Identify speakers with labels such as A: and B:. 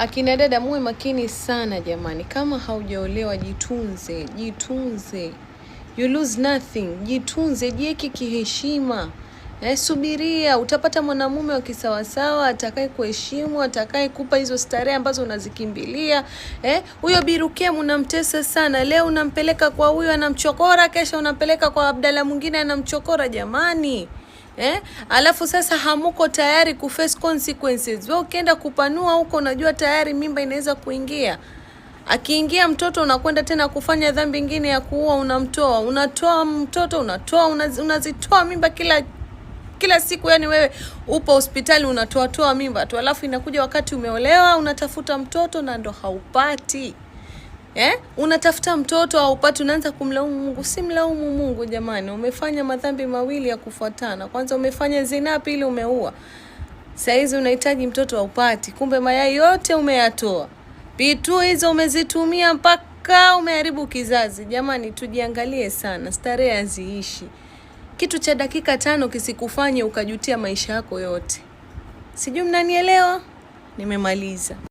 A: Akina dada muwe makini sana jamani, kama haujaolewa jitunze, jitunze, you lose nothing. Jitunze, jieke kiheshima. Eh, subiria, utapata mwanamume wa kisawasawa atakaye kuheshimu, atakaye kupa hizo starehe ambazo unazikimbilia. Eh, huyo birukem unamtesa sana. Leo unampeleka kwa huyo anamchokora, kesho unampeleka kwa abdala mwingine anamchokora. Jamani eh? Alafu sasa hamuko tayari face consequences. Wewe ukienda kupanua huko, unajua tayari mimba inaweza kuingia. Akiingia mtoto unakwenda tena kufanya dhambi ingine ya kuua, unamtoa, unatoa mtoto, unatoa, unazitoa mimba kila kila siku yani, wewe upo hospitali unatoatoa mimba tu, alafu inakuja wakati umeolewa unatafuta mtoto na ndo haupati. Eh? Unatafuta mtoto au upate, unaanza kumlaumu Mungu. Simlaumu Mungu jamani, umefanya madhambi mawili ya kufuatana. Kwanza umefanya zina, pili umeua. Saizi unahitaji mtoto aupati, kumbe mayai yote umeyatoa, pitu hizo umezitumia mpaka umeharibu kizazi. Jamani, tujiangalie sana, starehe haziishi. Kitu cha dakika tano kisikufanye ukajutia maisha yako yote. Sijui mnanielewa? Nimemaliza.